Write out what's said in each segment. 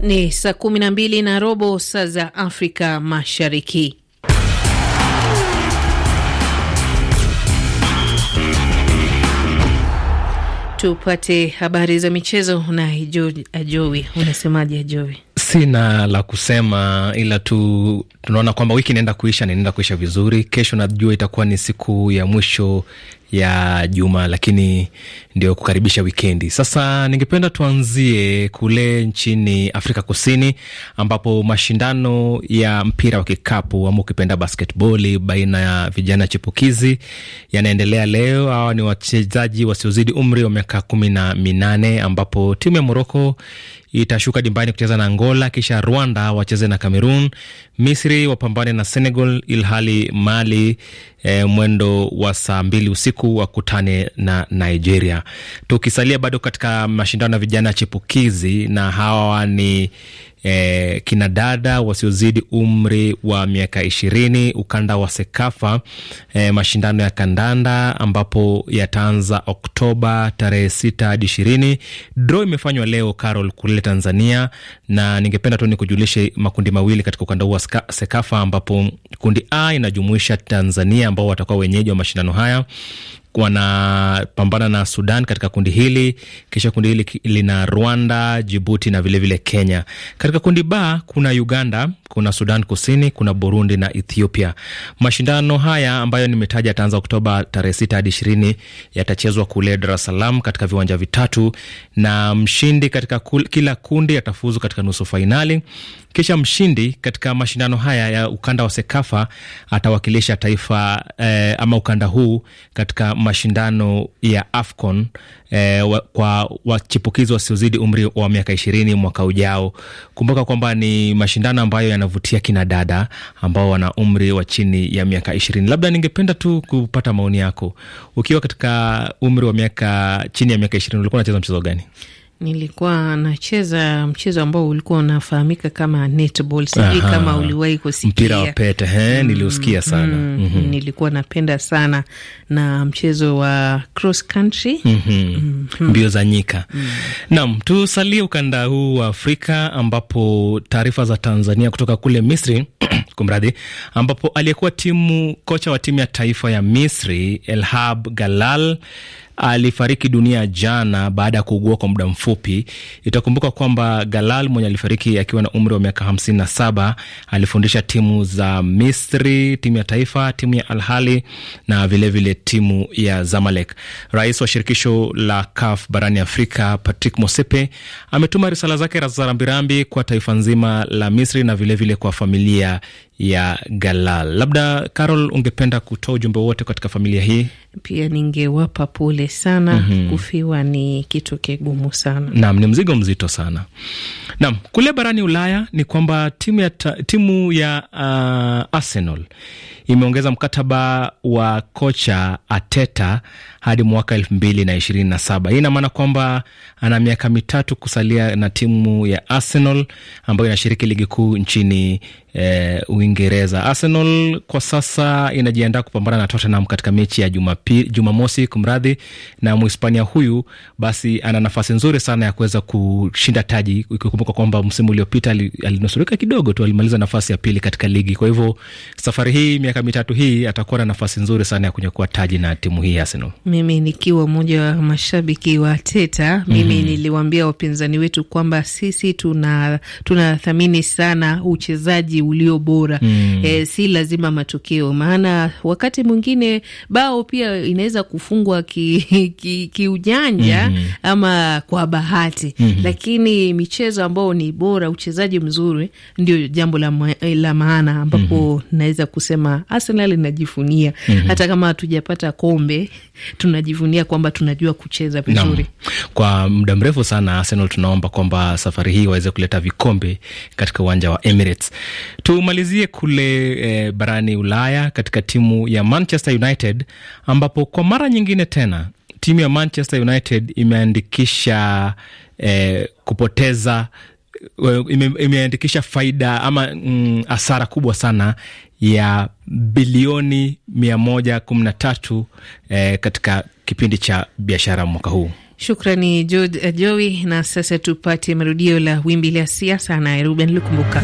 Ni saa kumi na mbili na robo saa za Afrika Mashariki. Tupate habari za michezo na Ajowi. Eh, Unasemaje Ajowi? Sina la kusema ila tu tunaona kwamba wiki inaenda kuisha na inaenda kuisha vizuri. Kesho najua itakuwa ni siku ya mwisho ya juma, lakini ndio kukaribisha wikendi. Sasa ningependa tuanzie kule nchini Afrika Kusini ambapo mashindano ya mpira wa kikapu ama ukipenda basketboli baina ya vijana chipukizi yanaendelea leo. Hawa ni wachezaji wasiozidi umri wa miaka kumi na minane ambapo timu ya Moroko itashuka dimbani kucheza na Angola, kisha Rwanda wacheze na Cameroon, Misri wapambane na Senegal, ilhali Mali e, mwendo wa saa mbili usiku wakutane na Nigeria. Tukisalia bado katika mashindano ya vijana chipukizi, na hawa ni eh, kina dada wasiozidi umri wa miaka ishirini, ukanda wa Sekafa eh, mashindano ya kandanda ambapo yataanza Oktoba tarehe sita hadi ishirini. Draw imefanywa leo Carol kule Tanzania, na ningependa tu nikujulishe makundi mawili katika ukanda huu wa Sekafa ambapo kundi A inajumuisha Tanzania ambao watakuwa wenyeji wa mashindano haya wanapambana na Sudan katika kundi hili, kisha kundi hili lina Rwanda, Jibuti na vilevile vile Kenya. Katika kundi ba kuna Uganda kuna Sudan Kusini, kuna Burundi na Ethiopia. Mashindano haya ambayo nimetaja yataanza Oktoba tarehe sita hadi ishirini yatachezwa kule Dar es Salaam katika viwanja vitatu, na mshindi katika kul, kila kundi atafuzu katika nusu fainali. Kisha mshindi katika mashindano haya ya ukanda wa Sekafa atawakilisha taifa eh, ama ukanda huu katika mashindano ya AFCON eh, wa, kwa wachipukizi wasiozidi umri wa miaka ishirini mwaka ujao. Kumbuka kwamba ni mashindano ambayo yanavutia kina dada ambao wana umri wa chini ya miaka ishirini. Labda ningependa tu kupata maoni yako, ukiwa katika umri wa miaka chini ya miaka ishirini, ulikuwa unacheza mchezo gani? Nilikuwa nacheza mchezo ambao ulikuwa unafahamika kama netball, sijui kama uliwahi kusikia. Mpira wa pete, he, mm, niliusikia mm, sana. Mm, mm -hmm. Nilikuwa napenda sana na mchezo wa cross country mm -hmm. mm -hmm. za nyika mm -hmm. tusalie ukanda huu wa Afrika ambapo taarifa za Tanzania kutoka kule Misri kumradhi, ambapo aliyekuwa timu kocha wa timu ya taifa ya Misri Elhab Galal alifariki dunia jana baada ya kuugua kwa muda mfupi. Itakumbuka kwamba Galal mwenye alifariki akiwa na umri wa miaka 57 alifundisha timu za Misri, timu ya taifa, timu ya Al Ahly na vilevile vile timu ya Zamalek. Rais wa shirikisho la CAF barani Afrika Patrick mosepe ametuma risala zake za rambirambi kwa taifa nzima la Misri na vilevile vile kwa familia ya Galal. Labda Carol, ungependa kutoa ujumbe wote katika familia hii? Pia ningewapa pole sana. mm -hmm. Kufiwa ni kitu kigumu sana. Naam, ni mzigo mzito sana. Naam, kule barani Ulaya ni kwamba timu ya, ta, timu ya uh, Arsenal imeongeza mkataba wa kocha Ateta hadi mwaka elfu mbili na ishirini na saba. Hii ina maana kwamba ana miaka mitatu kusalia na timu ya Arsenal ambayo inashiriki ligi kuu nchini eh, Uingereza. Arsenal kwa sasa inajiandaa kupambana na Tottenham katika mechi ya Jumamosi, kumradhi, na Mhispania huyu basi ana nafasi nzuri sana ya kuweza kushinda taji, ikikumbuka kwamba msimu uliopita alinusurika kidogo tu, alimaliza nafasi ya pili katika ligi. Kwa hivyo safari hii, miaka mitatu hii, atakuwa na nafasi nzuri sana ya kunyakua taji na timu hii ya Arsenal. Mimi nikiwa mmoja wa mashabiki wa Teta, mimi mm niliwaambia wapinzani wetu kwamba sisi tuna tunathamini sana uchezaji ulio bora mm E, si lazima matokeo, maana wakati mwingine bao pia inaweza kufungwa kiujanja ki, ki mm ama kwa bahati mm lakini michezo ambao ni bora, uchezaji mzuri ndio jambo la, ma, la maana ambapo mm naweza kusema Arsenal inajifunia mm hata kama hatujapata kombe tunajivunia kwamba tunajua kucheza vizuri Kwa muda mrefu sana Arsenal tunaomba kwamba safari hii waweze kuleta vikombe katika uwanja wa Emirates. Tumalizie kule e, barani Ulaya katika timu ya Manchester United ambapo kwa mara nyingine tena timu ya Manchester United imeandikisha e, kupoteza eh, imeandikisha faida ama mm, hasara kubwa sana ya bilioni 113 eh, katika kipindi cha biashara mwaka huu. Shukrani George eh, Jowi. Na sasa tupate marudio la wimbi la siasa na Ruben Lukumbuka.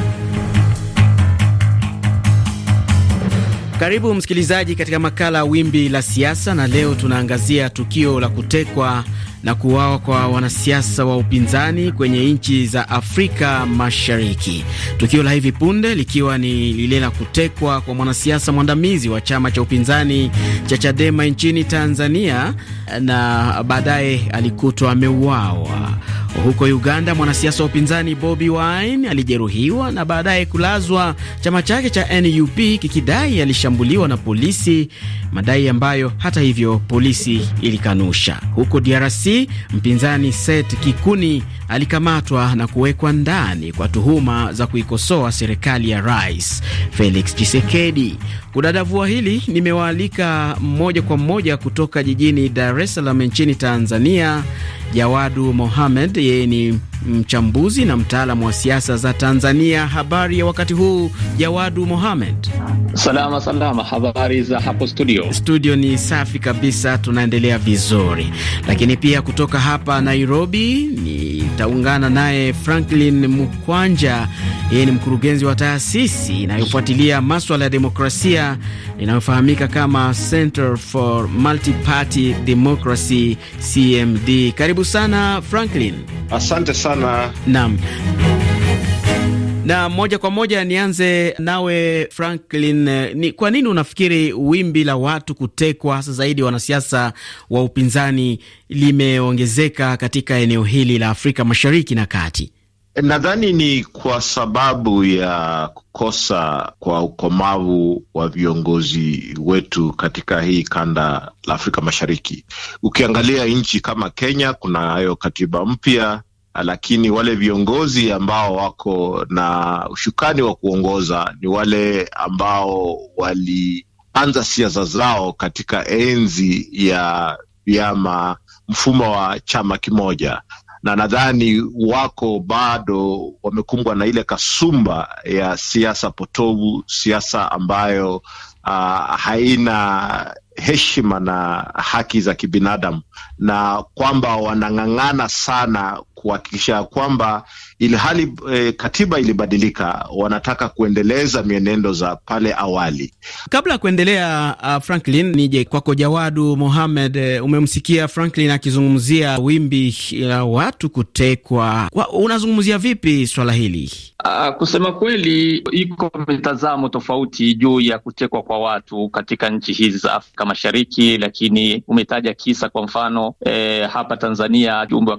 Karibu msikilizaji katika makala ya wimbi la siasa, na leo tunaangazia tukio la kutekwa na kuuawa kwa wanasiasa wa upinzani kwenye nchi za Afrika Mashariki, tukio la hivi punde likiwa ni lile la kutekwa kwa mwanasiasa mwandamizi wa chama cha upinzani cha Chadema nchini Tanzania na baadaye alikutwa ameuawa. Huko Uganda, mwanasiasa wa upinzani Bobi Wine alijeruhiwa na baadaye kulazwa, chama chake cha NUP kikidai alishambuliwa na polisi, madai ambayo hata hivyo polisi ilikanusha. Huko DRC, mpinzani Seth Kikuni alikamatwa na kuwekwa ndani kwa tuhuma za kuikosoa serikali ya Rais Felix Tshisekedi. Kudadavua hili nimewaalika mmoja kwa mmoja kutoka jijini Dar es Salaam nchini Tanzania. Jawadu Mohamed, yeye ni mchambuzi na mtaalamu wa siasa za Tanzania. Habari ya wakati huu Jawadu Mohamed? Salama salama, habari za hapo studio? Studio ni safi kabisa, tunaendelea vizuri. Lakini pia kutoka hapa Nairobi ni Taungana naye Franklin Mukwanja, yeye ni mkurugenzi wa taasisi inayofuatilia maswala ya demokrasia inayofahamika kama Center for Multiparty Democracy, CMD. Karibu sana Franklin. Asante sana. Naam. Mm. Na moja kwa moja nianze nawe Franklin, eh, ni kwa nini unafikiri wimbi la watu kutekwa hasa zaidi wanasiasa wa upinzani limeongezeka katika eneo hili la Afrika Mashariki na Kati? Nadhani ni kwa sababu ya kukosa kwa ukomavu wa viongozi wetu katika hii kanda la Afrika Mashariki. Ukiangalia nchi kama Kenya, kunayo katiba mpya Ah, lakini wale viongozi ambao wako na ushukani wa kuongoza ni wale ambao walianza siasa zao katika enzi ya vyama, mfumo wa chama kimoja, na nadhani wako bado wamekumbwa na ile kasumba ya siasa potovu, siasa ambayo uh, haina heshima na haki za kibinadamu, na kwamba wanang'ang'ana sana kuhakikisha kwamba ili hali e, katiba ilibadilika, wanataka kuendeleza mienendo za pale awali. Kabla ya kuendelea, uh, Franklin, nije kwako Jawadu Mohamed. Eh, umemsikia Franklin akizungumzia wimbi la watu kutekwa. Unazungumzia vipi swala hili? Uh, kusema kweli, iko mitazamo tofauti juu ya kutekwa kwa watu katika nchi hizi za Afrika Mashariki, lakini umetaja kisa kwa mfano eh, hapa Tanzania jumbe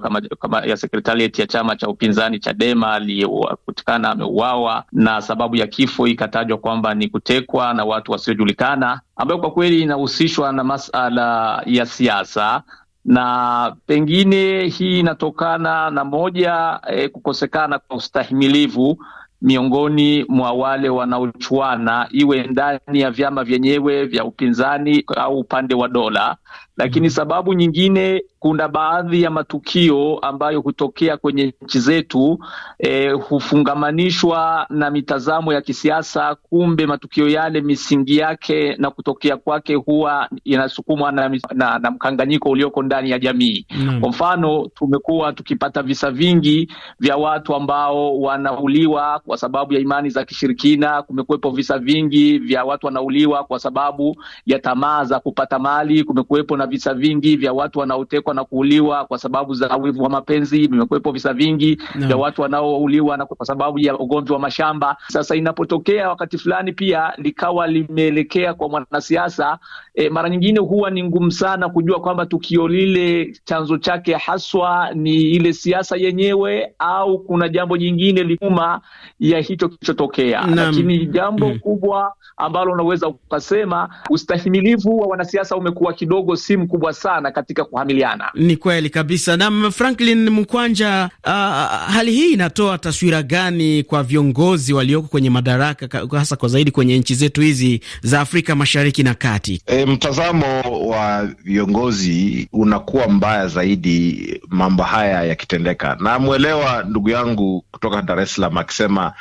ya sekretarieti ya chama cha upinzani cha Chadema aliyekutikana ameuawa na sababu ya kifo ikatajwa kwamba ni kutekwa na watu wasiojulikana, ambayo kwa kweli inahusishwa na masala ya siasa na pengine hii inatokana na moja e, kukosekana kwa ustahimilivu miongoni mwa wale wanaochuana, iwe ndani ya vyama vyenyewe vya upinzani au upande wa dola, lakini mm-hmm. sababu nyingine, kuna baadhi ya matukio ambayo hutokea kwenye nchi zetu e, hufungamanishwa na mitazamo ya kisiasa. Kumbe matukio yale misingi yake na kutokea kwake huwa inasukumwa na, na, na mkanganyiko ulioko ndani ya jamii mm. Kwa mfano, tumekuwa tukipata visa vingi vya watu ambao wanauliwa kwa sababu ya imani za kishirikina. Kumekuwepo visa vingi vya watu wanauliwa kwa sababu ya tamaa za kupata mali. Kumekuwepo na kuna visa vingi vya watu wanaotekwa na kuuliwa kwa sababu za wivu wa mapenzi. Vimekuwepo visa vingi no. vya watu wanaouliwa na kwa sababu ya ugonjwa wa mashamba. Sasa inapotokea wakati fulani pia likawa limeelekea kwa mwanasiasa e, mara nyingine huwa ni ngumu sana kujua kwamba tukio lile chanzo chake haswa ni ile siasa yenyewe au kuna jambo jingine liuma ya hicho kilichotokea, lakini jambo mm. kubwa ambalo unaweza ukasema ustahimilivu wa wanasiasa umekuwa kidogo si ufanisi mkubwa sana katika kuhamiliana. Ni kweli kabisa. Na Franklin Mkwanja, uh, ah, hali hii inatoa taswira gani kwa viongozi walioko kwenye madaraka hasa kwa zaidi kwenye nchi zetu hizi za Afrika Mashariki na Kati? E, mtazamo wa viongozi unakuwa mbaya zaidi mambo haya yakitendeka. Namwelewa ndugu yangu kutoka Dar es Salaam akisema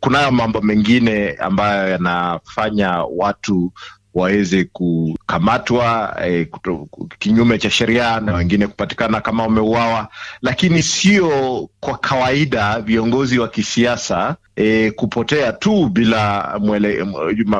kunayo mambo mengine ambayo yanafanya watu waweze kukamatwa e, kinyume cha sheria na wengine kupatikana kama wameuawa, lakini sio kwa kawaida viongozi wa kisiasa e, kupotea tu bila mwele,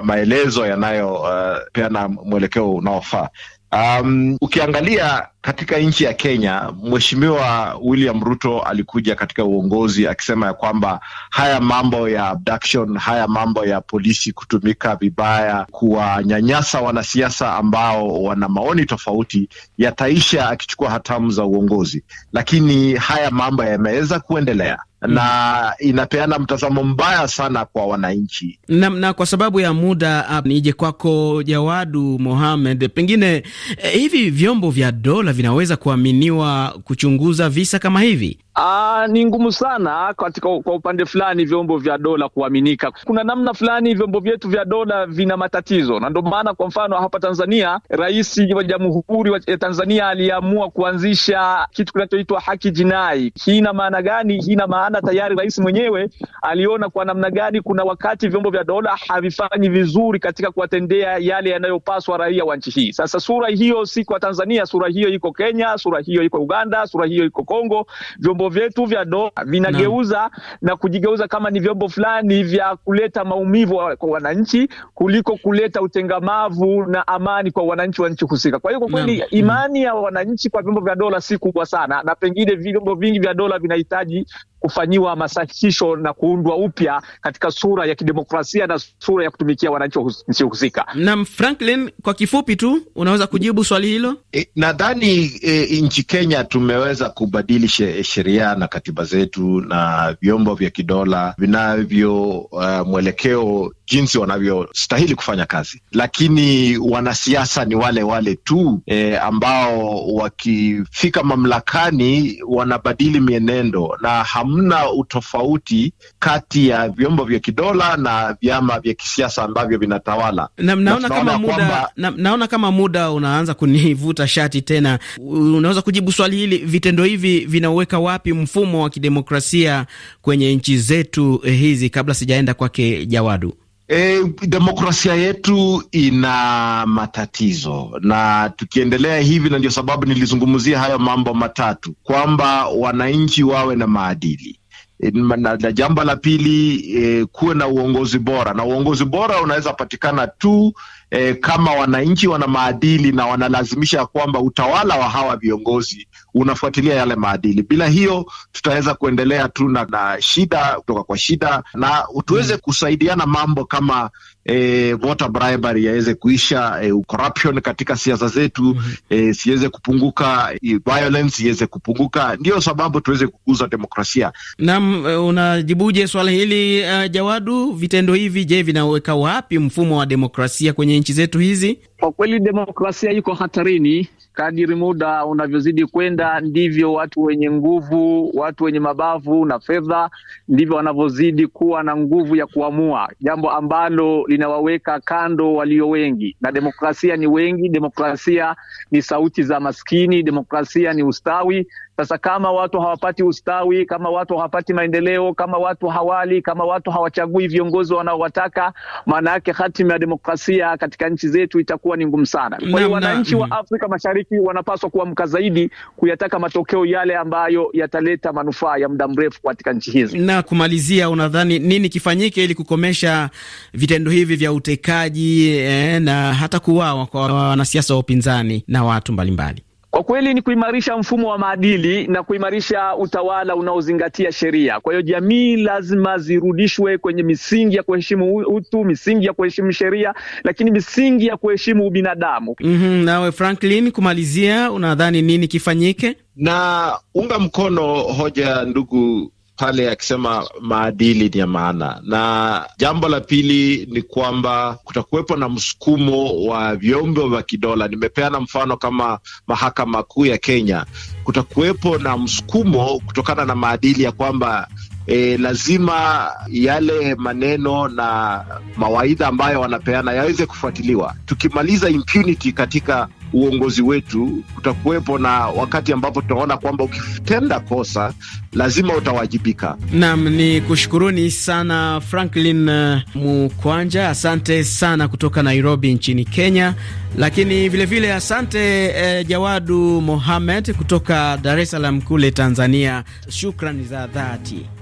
maelezo yanayopeana eh, uh, mwelekeo unaofaa. Um, ukiangalia katika nchi ya Kenya, Mheshimiwa William Ruto alikuja katika uongozi akisema ya kwamba haya mambo ya abduction, haya mambo ya polisi kutumika vibaya kuwanyanyasa wanasiasa ambao wana maoni tofauti yataisha akichukua hatamu za uongozi, lakini haya mambo yameweza kuendelea na mm. inapeana mtazamo mbaya sana kwa wananchi. Na, na kwa sababu ya muda ah, nije kwako Jawadu Mohamed, pengine eh, hivi vyombo vya dola vinaweza kuaminiwa kuchunguza visa kama hivi? Aa, ah, ni ngumu sana katika kwa upande fulani vyombo vya dola kuaminika. Kuna namna fulani vyombo vyetu vya dola vina matatizo, na ndio maana kwa mfano hapa Tanzania rais wa Jamhuri ya eh, Tanzania aliamua kuanzisha kitu kinachoitwa haki jinai. Hii ina maana gani? Hii ina maana tayari rais mwenyewe aliona kwa namna gani kuna wakati vyombo vya dola havifanyi vizuri katika kuwatendea yale yanayopaswa raia wa nchi hii. Sasa sura hiyo si kwa Tanzania, sura hiyo iko Kenya, sura hiyo iko Uganda, sura hiyo iko Kongo vyombo vyombo vyetu vya dola vinageuza na, na kujigeuza kama ni vyombo fulani vya kuleta maumivu kwa wananchi kuliko kuleta utengamavu na amani kwa wananchi wa nchi husika. Kwa hiyo kwa kweli mm-hmm. imani ya wananchi kwa vyombo vya dola si kubwa sana, na pengine vyombo vingi vya dola vinahitaji kufanyiwa masahisho na kuundwa upya katika sura ya kidemokrasia na sura ya kutumikia wananchi wasiohusika. Naam, Franklin, kwa kifupi tu unaweza kujibu swali hilo? E, nadhani e, nchi Kenya tumeweza kubadili sheria na katiba zetu na vyombo vya kidola vinavyo uh, mwelekeo jinsi wanavyostahili kufanya kazi, lakini wanasiasa ni wale wale tu e, ambao wakifika mamlakani wanabadili mienendo na hamu hamna utofauti kati ya vyombo vya kidola na vyama vya kisiasa ambavyo vinatawala. Na, naona, na kama muda, kwamba... na, naona kama muda unaanza kunivuta shati tena. Unaweza kujibu swali hili, vitendo hivi vinaweka wapi mfumo wa kidemokrasia kwenye nchi zetu eh, hizi, kabla sijaenda kwake Jawadu? E, demokrasia yetu ina matatizo na tukiendelea hivi, na ndio sababu nilizungumzia hayo mambo matatu kwamba wananchi wawe na maadili e, na, na jambo la pili e, kuwe na uongozi bora, na uongozi bora unaweza patikana tu e, kama wananchi wana maadili na wanalazimisha kwamba utawala wa hawa viongozi unafuatilia yale maadili. Bila hiyo tutaweza kuendelea tu na shida kutoka kwa shida, na tuweze hmm. kusaidiana mambo kama e, bribery yaweze kuisha, e, corruption katika siasa zetu mm -hmm. e, siweze kupunguka e, violence iweze kupunguka, ndio sababu tuweze kukuza demokrasia. Naam, unajibuje swala hili uh, Jawadu? Vitendo hivi je, vinaweka wapi mfumo wa demokrasia kwenye nchi zetu hizi? Kwa kweli demokrasia iko hatarini. Kadiri muda unavyozidi kwenda, ndivyo watu wenye nguvu, watu wenye mabavu na fedha, ndivyo wanavyozidi kuwa na nguvu ya kuamua jambo ambalo linawaweka kando walio wengi, na demokrasia ni wengi, demokrasia ni sauti za maskini, demokrasia ni ustawi, sasa kama watu hawapati ustawi, kama watu hawapati maendeleo, kama watu hawali, kama watu hawachagui viongozi wanaowataka, maana yake hatima ya demokrasia katika nchi zetu itakuwa ni ngumu sana. Kwa hiyo wananchi wa mm. Afrika Mashariki wanapaswa kuamka zaidi kuyataka matokeo yale ambayo yataleta manufaa ya muda mrefu katika nchi hizi. Na kumalizia, unadhani nini kifanyike ili kukomesha vitendo hivi vya utekaji eh, na hata kuuawa kwa wanasiasa wa upinzani na watu mbalimbali? Kwa kweli ni kuimarisha mfumo wa maadili na kuimarisha utawala unaozingatia sheria. Kwa hiyo jamii lazima zirudishwe kwenye misingi ya kuheshimu utu, misingi ya kuheshimu sheria, lakini misingi ya kuheshimu ubinadamu. mm -hmm. Nawe Franklin, kumalizia, unadhani nini kifanyike? Na unga mkono hoja ndugu pale akisema maadili ni ya maana, na jambo la pili ni kwamba kutakuwepo na msukumo wa vyombo vya kidola. Nimepeana mfano kama mahakama kuu ya Kenya, kutakuwepo na msukumo kutokana na maadili ya kwamba E, lazima yale maneno na mawaidha ambayo wanapeana yaweze kufuatiliwa. Tukimaliza impunity katika uongozi wetu, kutakuwepo na wakati ambapo tutaona kwamba ukitenda kosa lazima utawajibika. Naam, ni kushukuruni sana Franklin uh, Mukwanja, asante sana kutoka Nairobi nchini Kenya, lakini vilevile vile asante eh, Jawadu Mohamed kutoka Dar es Salaam kule Tanzania. Shukrani za dhati.